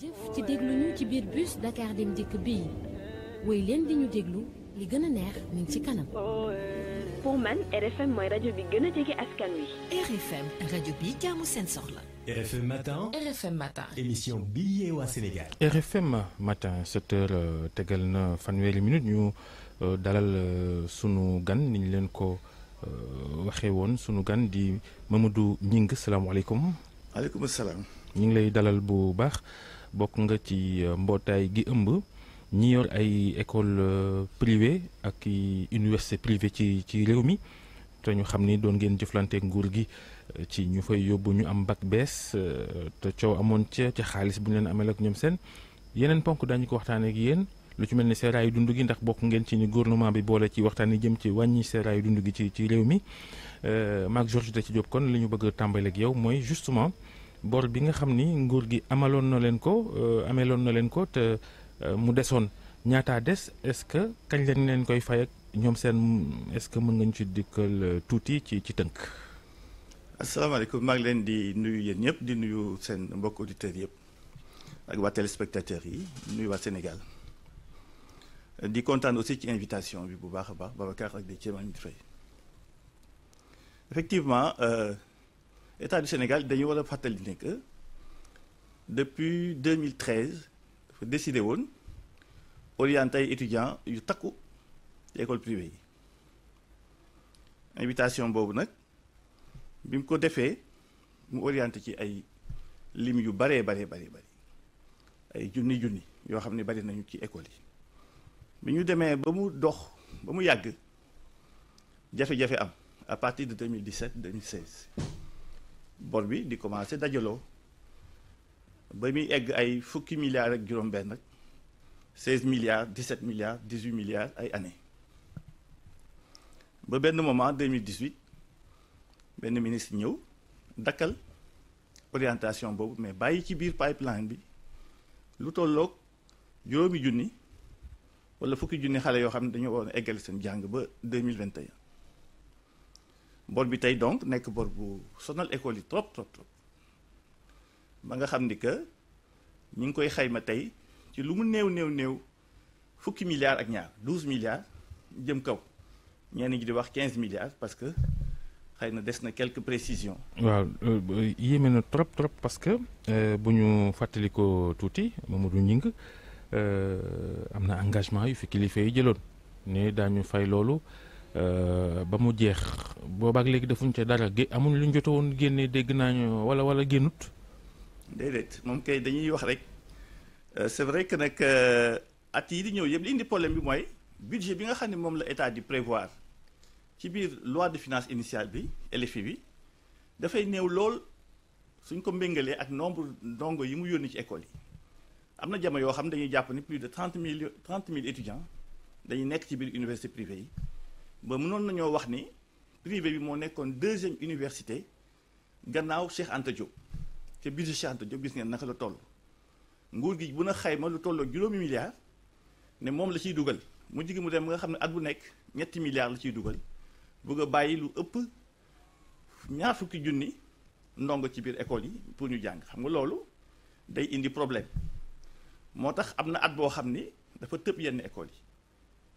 jëf ci déglu ñu ci biir bus Dakar Dem Dikk bii way leen di ñu déglu li gën a neex mi ci kanam. pour man RFM mooy rajo bi gën a jege askan wi. RFM rajo bi jaamu seen soxla. RFM matin RFM matin émission bi yee waa Sénégal. RFM matin 7h euh, tegal na fanweeri minute ñu euh, dalal euh, sunu gan niñ leen ko waxee woon sunu gan di Mamadou Gningue salaamaaleykum. waaleykum salaam. ñu ngi lay dalal bu baax. bokk nga ci euh, mbootaay gi ëmb ñi yor ay école euh, privée ak université privée ci ci réew mi te ñu xam ni doon ngeen jëflanteek nguur gi euh, ci ñu fay yóbbu ñu am bac bees te coow amoon ca ca xaalis bu ñu leen amee ak ñoom seen yeneen ponk dañu ko waxtaan ak yéen lu ci mel ni seeraayu dund gi ndax bokk ngeen ci ni gouvernement bi boole ci waxtaan yi jëm ci wàññi seeraayu dund gi ci ci réew mi maag Georges da ci Diop kon li ñu bëgg a tàmbaleeg yow mooy justement bor bi nga xam ni nguur gi amaloon na leen ko euh, ameloon na leen ko te euh, mu desoon ñaata des est-ce que kañ lañ leen koy fay ak ñoom seen est-ce que mën ngañ ci dikkal euh, tuuti ci ci tënk. asalaamaaleykum maa ngi leen di nuyu yéen ñëpp di nuyu seen mbokk auditeurs yëpp ak waa téléspectateurs yi nuyu waa Sénégal di kontaan aussi ci invitation bi bu baax a baax Babacar ak di Thiam Faye effectivement. Euh, L'État du Sénégal que depuis 2013 a décidé d'orienter les étudiants à l'école privée invitation boobu vous. bi mu ko defee mu orienté ci ay lim yu baree baree baree bari ay ne bari nañu ci école yi bi à partir de 2017 2016 bor bi commencé à ba mi egg ay milliards ak 16 milliards 17 milliards 18 milliards ay années ba moment 2018 le ministre ñew Dakal, orientation bobu mais bayyi ci pipeline bi lu tollok junni wala fukki junni xalé yo ne 2021 bor bi tey donc nekk bor bu sonal école yi trop trop trop ba nga xam ni que ñu ngi koy xayma tey ci lu mu néew néew néew fukki milliards ak ñaar 12 milliards jëm kaw ñeen ñi di wax 15 milliards parce que xëy na des na quelques précisions. waaw euh, yéeme na trop trop parce que euh, bu ñu fàttali tuuti Mamadou Ngingue euh, am na engagement yu fi kilifa yi jëloon ne daañu fay loolu. Euh, ba mu jeex boobaak legui defuñ ci dara gé amuñ luñu jot woon génne dégg nañu wala wala génnut. dedet mom kay dañuy wax rek euh, c'est vrai que nag euh, at yi di ñew yëpp li indi problème bi moy budget bi nga xamni mom la état di prévoir ci biir loi de finance initiale bi LFI bi da fay néew lool suñ ko mbengalé ak nombre dongo yi mu yoni ci école yi amna na yo xam dañuy japp ni plus de 30000 30000 étudiants dañuy nekk ci biir université privée yi ba mënoon nañoo wax ni privé bi moo nekkoon deuxième université gannaaw Cheikh Anta Diop te budget Cheikh Anta Diop gis ngeen naka la toll nguur gi bu na xayma lu tolloo juróomi milliards ne moom la ciy dugal mu jigi mu dem nga xam ne at bu nekk ñetti milliards la ciy dugal bëgg a bàyyi lu ëpp ñaar fukki junni ndongo ci biir école yi pour ñu jàng xam nga loolu day indi problème moo tax am na at boo xam ni dafa tëb yenn école yi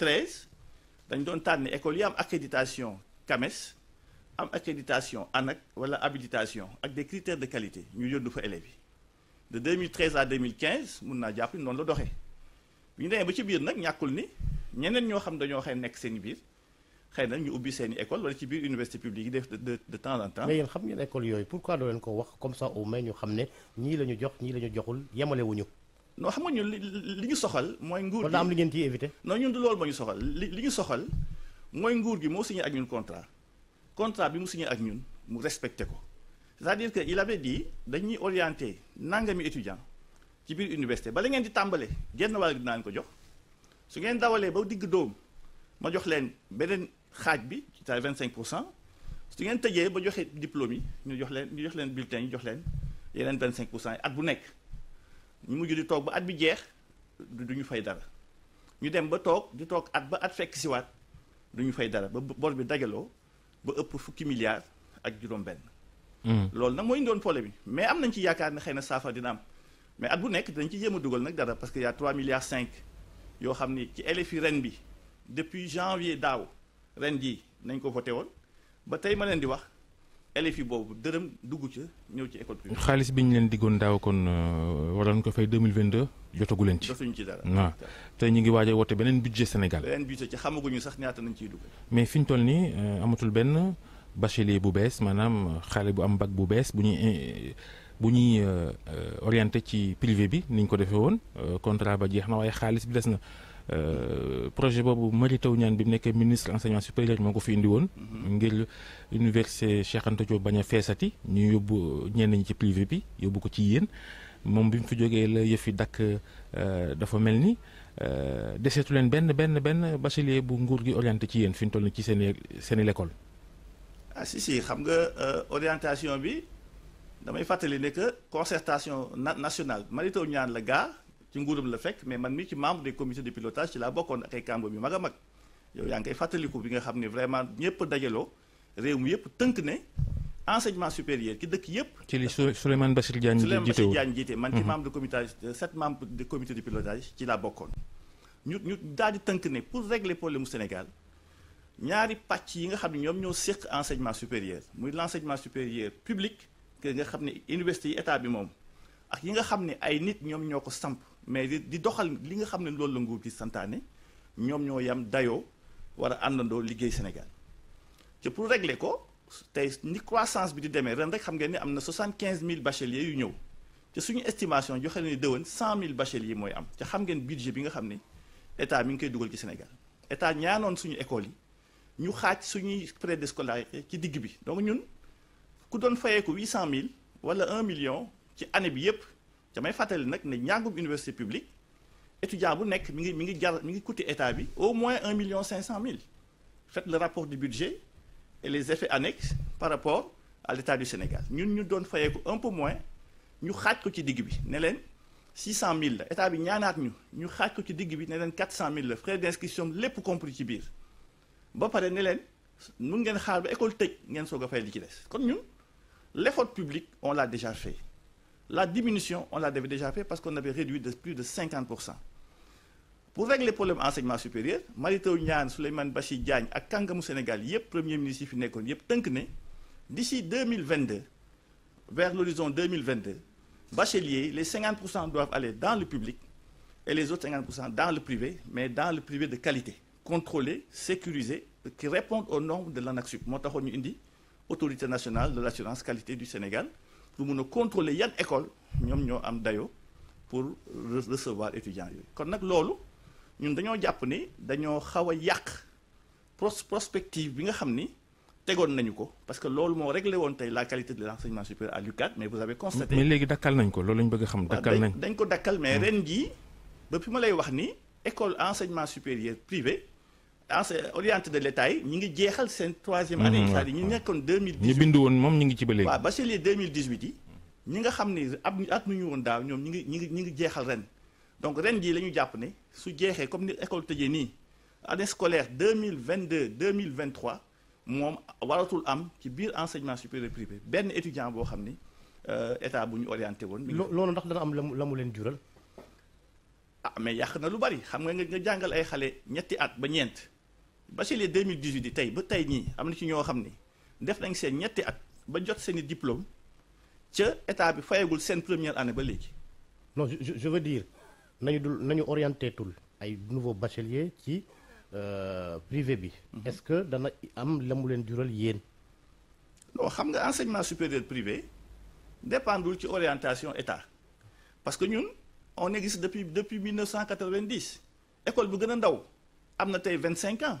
treize dañ doon tànn école yi accréditation CAMES am accréditation ANAQ wala habilitation ak des critères de qualité ñu yóndu fa élèves yi de 2013 à 2015 mun naa jàpp ni noonu la doxee bi ñu demee ba ci biir nag ñàkkul ni ñeneen ñoo xam dañoo xëy nekk seen biir xëy ñu ubbi seen école wala ci biir université publique de, def de de temps en temps. mais yéen xam ngeen école yooyu pourquoi doo leen ko wax comme ça au moins ñu xam ne ñii la ñu jox ñii la ñu joxul yemalewuñu non xam nga ñun li ñu soxal mooy nguur gi am li ngeen ciy éviter non ñun du loolu moo ñu soxal li li ñu soxal mooy nguur gi moo signé ak ñun contrat contrat bi mu signé ak ñun mu respecté ko c'est-à-dire que il avait dit dañuy orienté nangami étudiant ci biir université bala ngeen di tàmbale genn wàll gi dinaa ko jox su ngeen dawalee ba digg dóom ma jox leen beneen xaaj bi ci à 25 pour cent su ngeen tëjee ba joxe diplôme yi ñu jox leen ñu jox leen bulletin yi jox leen yeneen 25 pour cent at bu nekk ñu mujj di toog ba at bi jeex duñu fay dara ñu dem ba toog di toog at ba at fekk siwaat du ñu fay dara ba bor bi dajaloo ba ëpp fukki milliards ak juróom-benn. Hmm. loolu nag mooy doon problème bi mais am nañ ci yaakaar ne xëy na saafara dina am mais at bu nekk dañ ci jéem a dugal nag dara parce que y' a 3 milliards 5 yoo xam ni ci LFI ren bi depuis janvier daaw ren jii nañ ko voté woon ba tey ma leen di wax. élèves boobu dërëm dugg ca ñëw ci école xaalis bi ñu leen diggoon daaw kon euh, waroon ko fay 2022 jotagu leen ci. jotuñu ci dara waaw te ñu ngi waaj a woote beneen budget Sénégal. beneen budget ci xamaguñu sax ñaata nañ ciy dugg. mais fi ñu toll nii euh, amatul benn bachelier bu bees maanaam xaale bu am bac bu bees bu ñuy bu ñuy euh, orienté ci privé bi ni ko defee woon contrat ba jeex na waaye xaalis bi des na. Euh, projet bobu Mary Teuw Niane bi mu ministre enseignement supérieur moo fi indi won mhm. ngir université Cheikh Anta Diop bañ a ñu yóbbu ñen ñi ci privé bi yóbbu ko ci yeen mom bimu fi joggé la yëf yi dakk euh, dafa melni ni euh, deseetu len benn benn benn bachelier bu nguur gi orienté ci yeen fi toll ci seen seen l'école. ah si si xam nga orientation bi damay fatali ne que concertation nationale Mary Teuw Niane la gaa ci nguuram la fekk mais man mi ci membre des comités de pilotage ci laa bokkoon ak ay kàngam yu mag a mag yow yaa ngi koy fàttaliku bi nga xam ne vraiment ñëpp dajaloo réew mi yëpp tënk ne enseignement supérieur ki dëkk yëpp. ci li Souleymane Bassir Diagne jiite Souleymane Bassir jiite man ci mhm. membre de comité sept membres de comité de pilotage ci laa bokkoon. ñu ñu daal di tënk ne pour régler problème Sénégal ñaari pàcc yi nga xam ne ñoom ñoo séq enseignement supérieur muy l' enseignement supérieur public que nga xam ne université yi état bi moom ak yi nga xam ne ay nit ñoom ñoo ko samp mais di doxal li nga xam ne loolu la nguur gi santaane ñoom ñoo yam dayoo war a àndandoo liggéey Sénégal te pour régler ko tey ni croissance bi di demee ren rek xam ngeen ni am na 75000 bacheliers yu ñëw te suñu estimation joxe ni dëwën 100000 bacheliers mooy am te xam ngeen budget bi nga xam ne état mi ngi koy dugal ci Sénégal état ñaanoon suñu école yi ñu xaaj suñuy préscolaire ci digg bi donc ñun ku doon fayeeku 800000 wala 1 million ci année bi yépp te may fàttali nag ne njàngum université publique étudiant bu nekk mi ngi mi ngi jar mi ngi coûter état bi au moins un million cinq cent mille faites le rapport du budget et les effets annexes par rapport à l'état du Sénégal ñun ñu doon fayee un peu moins ñu xaaj ko ci digg bi ne leen six cent mille la état bi ñaanaat ñu ñu xaaj ko ci digg bi ne leen quatre cent mille la frais d'inscription lépp compris ci biir ba pare ne leen mun ngeen xaar ba école tëj ngeen soog a fay li ci des kon ñun l'effort public on l'a déjà fait la diminution, on l'avait déjà fait parce qu'on avait réduit de plus de 50%. Pour régler les problèmes enseignement supérieur, Maritou Niane Souleymane Bachir Diagne et Sénégal le premier ministre d'ici 2022 vers l'horizon 2022 bacheliers les 50% doivent aller dans le public et les autres 50% dans le privé mais dans le privé de qualité contrôlé sécurisé qui répondent aux normes de l'ANACSUP. indi autorité nationale de l'assurance qualité du Sénégal pour mun contrôler yan école ñoom ñoo am dayo pour recevoir étudiants yooyu kon nag nous ñun dañoo jàpp ni dañoo xaw prospective bi nga xam ni parce que l'OLU moo réglé woon tey la qualité de l'enseignement supérieur à l'ucat mais vous avez constaté mais les dakkal nañ ko loolu lañ bëgg xam nañ ko mais hmm. ren depuis ba fi école enseignement supérieur privé enseignants orienté de l'État yi ñu ngi jeexal troisième année mhm, c'est-à-dire 2018. nekkoon deux mille dix-huit 2018 bindu woon moom ñu ngi ci ba léegi waaw 2018. yi ñi nga at nu ñu woon daaw ñoom ngi ngi ren donc ren jii la ñu jàpp su jeexee comme ni école tëjee nii année scolaire 2022-2023, vingt waratul am ci bir enseignement supérieur privé Ben étudiant bo xam ni euh, état buñu orienté woon. loolu ndax dana am lamu len la jural. ah mais yàq na lu bari xam nga nga jàngal ay xalé ñetti at ba ñent bachelier 2018 yi tey ba tey ñii am na ci ñoo xam def nañ seen ñetti at ba jot seen diplôme ca état bi fayagul seen première année ba non je veux dire nous dul nañu orienté tul ay nouveau bachelier ci euh, privé bi. Mhm. est-ce que dana am le moulin leen jural yéen. non xam nga enseignement supérieur privé de ci orientation état parce que nous, on existe depuis depuis 1990 école de gën a 25 ans.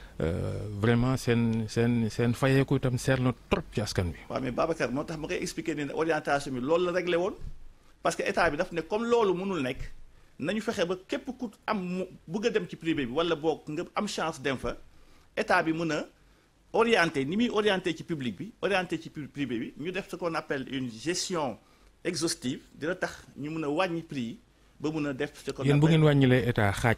Euh, vraiment sen sen sen fayeeku itam seer na trop ci askan bi wa mais Babacar motax tax ma koy expliquer ni orientation bi loolu la réglé won parce que état bi daf né comme loolu mënul nek nañu fexé ba képp ku am bëgg dem ci privé bi wala bok nga am chance dem fa état bi mën orienter ni mi orienter ci public bi orienter ci privé bi ñu def ce qu'on appelle une gestion exhaustive dina tax ñu mën wañi prix ba mën def ce qu'on appelle yéen bu ngeen wàññilee état xaaj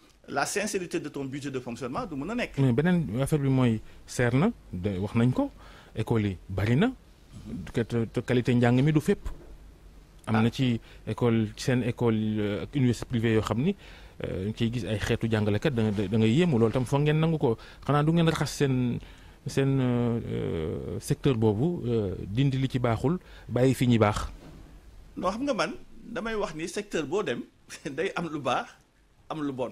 la sincérité de ton budget de fonctionnement du mën nek mais benen affaire bi moy serna de wax nañ ko école yi bari na te qualité njàng mi du fep amna ah. ci école sen école euh, ak université privée yoo xam ni euh, ci gis ay xeetu jangale kat da nga yéemu lol tam fo ngeen nangu ko xana du ngeen raxas sen seen euh, secteur bobu dindi li ci baxul bàyyi fi ñi baax. non xam nga man damay wax ni secteur bo dem day am lu bax am lu bon.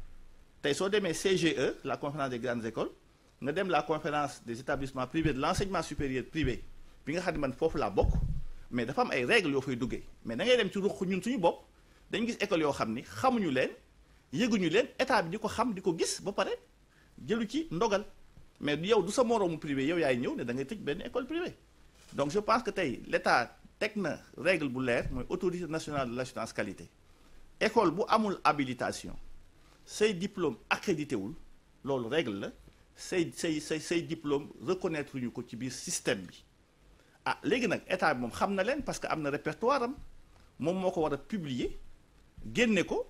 tey sont des CGE la conférence des grandes écoles nga dem la conférence des établissements privés de l'enseignement supérieur privé bi nga xam ne man foofu laa bokk mais dafa am ay règles yoo fay duggee mais da ngay dem ci ruq ñun suñu bopp dañ gis école yoo xam ni xamuñu leen yëguñu leen état bi di ko xam di ko gis ba pare jëlu ci ndogal mais yow du sa moroomu privé yow yaay ñëw ne da ngay tëj benn école privée donc je pense que tey l' état règle bu leer mooy autorité nationale de l'assurance qualité école bu amul habilitation ces diplômes accrédités wul loolu règle la diplômes reconnaître une système bi ah léegi nag état bi parce que répertoire am moom moo ko a publier ko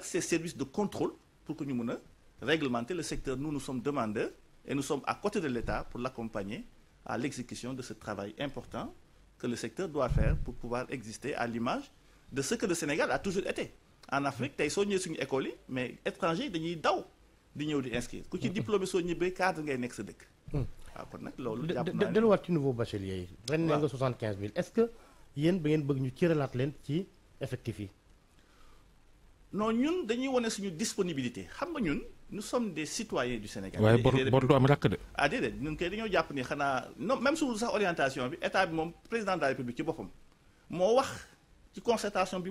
ces services de contrôle pour que nous puissions réglementer le secteur nous nous sommes demandeurs et nous sommes à côté de l'État pour l'accompagner à l'exécution de ce travail important que le secteur doit faire pour pouvoir exister à l'image de ce que le Sénégal a toujours été en Afrique tu as école mais étranger étrangers, dañuy daw di ñëw di inscrire mm-hmm. diplômé cadre ngay sa tu mm. ah, Ils nouveau bachelier 75 est-ce que vous ba ngeen bëgg ñu qui effectifie non disponibilité nous sommes des citoyens du Sénégal. Oui, bor bor du am rakk ah, même sous Ils orientation bi président de la république il concertation bi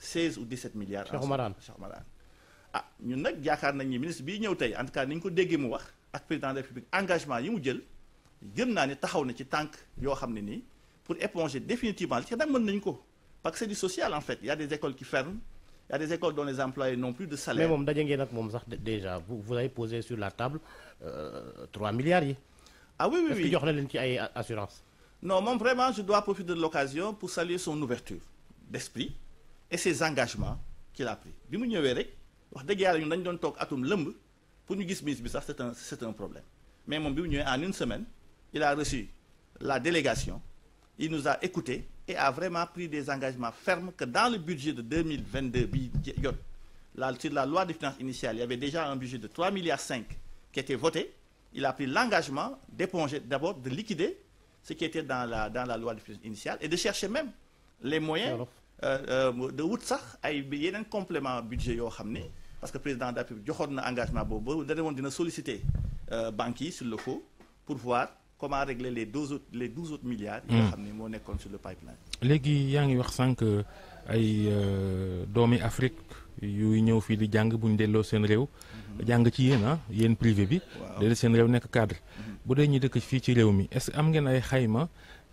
16 ou 17 milliards. Cheikh Oumar Cheikh Oumar ah ñun nak nañ ni ministre bi ñëw tay en tout cas niñ ko déggé mu wax ak président de la république engagement yi mu jël gëm taxaw na ci tank yo pour éponger définitivement ci nag mën nañ ko parce que c'est du social en fait il y a des écoles qui ferment il y a des écoles dont les employés n'ont plus de salaire. mais déjà vous vous avez posé sur la table euh, 3 milliards ah oui oui oui est-ce que jox assurance non vraiment je dois profiter de l'occasion pour saluer son ouverture d'esprit et ses engagements qu'il a pris bi mu rek wax dëgg ñun dañ doon toog atum lëmb pour ñu gis ministre c'est un problème mais mom bi mu en une semaine il a reçu la délégation il nous a écoutés et a vraiment pris des engagements fermes que dans le budget de 2022 bi la sur la loi de finances initiale il y avait déjà un budget de 3,5 milliards qui était voté il a pris l'engagement d'éponger d'abord de liquider ce qui était dans la dans la loi de finances initiale et de chercher même les moyens euh, euh, de wut sax ay yeneen complément budget yo xamné parce que président de la République joxoon na engagement bobu da woon dina solliciter euh, banques yi sur le coup pour voir comment régler les 12 autres les 12 autres milliards. yo xamné mo ne sur le pipeline. légui yaangi wax sank ay euh, domi Afrique yu ñëw fi di jang buñ délo delloo seen réew. Hmm. jàng ci yeen ah yeen privé bi. waaw delloo seen réew nekk cadre. Hmm. bu dé ñi dëkk fi ci réew mi est-ce que am ngeen ay xayma.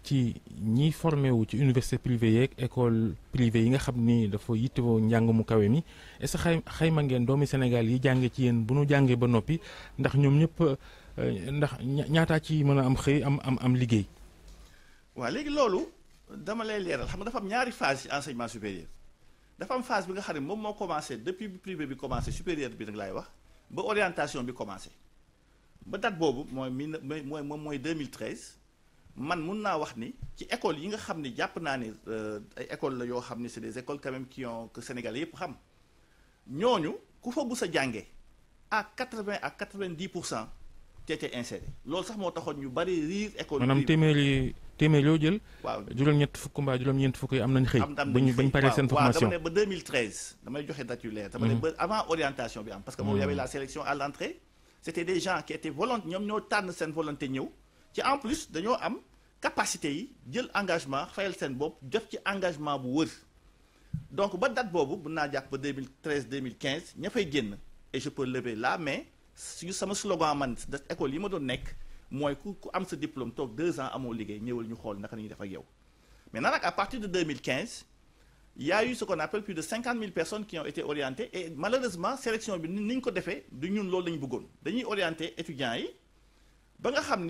ci ñiy formé wu ci université privée yeeg école privée yi nga xam ni dafa yittewoo njàng mu kawe mi est xay que xayma ngeen doomi Sénégal yi jànge ci yéen bu nu jàngee ba noppi ndax ñoom ñëpp euh, ndax ñaataa ci mën a am xëy am am am liggéey. waa léegi loolu dama lay leeral xam nga dafa am ñaari phase ci enseignement supérieur dafa am phase bi nga xam ne moom moo commencé depuis privé bi commencé supérieur bi nag laay wax ba orientation bi commencé ba date boobu mooy mille mooy moom mooy 2013. man mun naa wax ni ci école yi nga xam ni jàpp naa ni euh, ay école la yoo xam ni c'est des écoles quand même qui ont que Sénégalais yëpp xam ñooñu ku fa bu sa jàngee à 80 à 90 vingt dix pour cent teete inséré loolu sax moo taxoon ñu bari riir école maanaam téeméer yi téeméer yoo jël waaw juróom-ñett fukk mbaa juróom-ñeent fukk yi am nañ xëy bañ paree seen formation waaw dama ne ba 2013 damay joxe date yu leer dama ne mhm. ba avant orientation bi am parce que moom mhm. y avait la sélection à l'entrée c'était des gens qui étaient volontaires ñoom ñoo tànn seen volonté ñëw ci en plus dañoo am capacité yi jël engagement fayal seen bopp def ci engagement bu wër donc ba date boobu mën naa jàpp ba 2013 2015 ña fay génn et je peux lever la main su sama slogan man da école yi ma doon nekk mooy ku am sa diplôme toog deux ans amoo liggéey ñëwal ñu xool naka def ak yow maintenant à partir de 2015 il y a eu ce qu'on appelle plus de 50 000 personnes qui ont été orientées et malheureusement sélection bi ni ñu ko defee du ñun loolu lañ ñu bëggoon dañuy orienté étudiants yi ba nga xam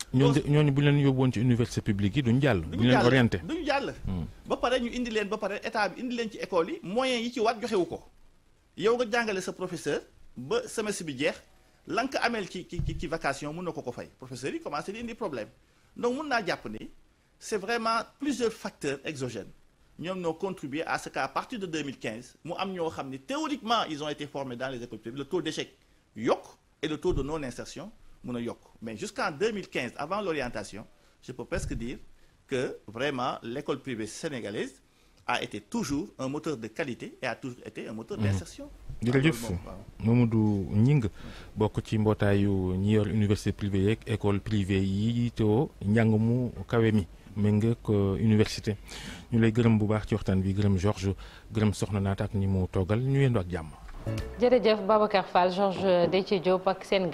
nous avons une leen ci université publique yi duñu jàll. duñu leen orienté duñu jàll. Hmm. ba pare ñu indi leen ba pare état bi indi leen ci école yi moyens yi ci waat joxewu ko yow nga sa professeur ba semestre bi jeex la amel ci vacation mun na ko ko fay professeur yi commencé indi problème donc nous, avons Japonais, c'est vraiment plusieurs facteurs exogènes qui ont contribué à ce qu'à partir de 2015 nous am théoriquement ils ont été formés dans les écoles publiques le taux d'échec et le taux de non insertion mun a mais jusqu'en 2015 avant l'orientation je peux presque dire que vraiment l'école privée sénégalaise a été toujours un moteur de qualité et a toujours été un moteur mhm. d'insertion. jërëjëf Mamadou Ning, beaucoup ci mbotayou, ñi yor université privée yeeg école privée yi teewoo kawemi, mu kawe mi euh, université ñu lay gërëm bu baax ci bi gërëm Georges gërëm soxna ni ak ñi mu toogal ñu yendu ak jàmm. jërëjëf Babacar Fall Georges Déthié Diop ak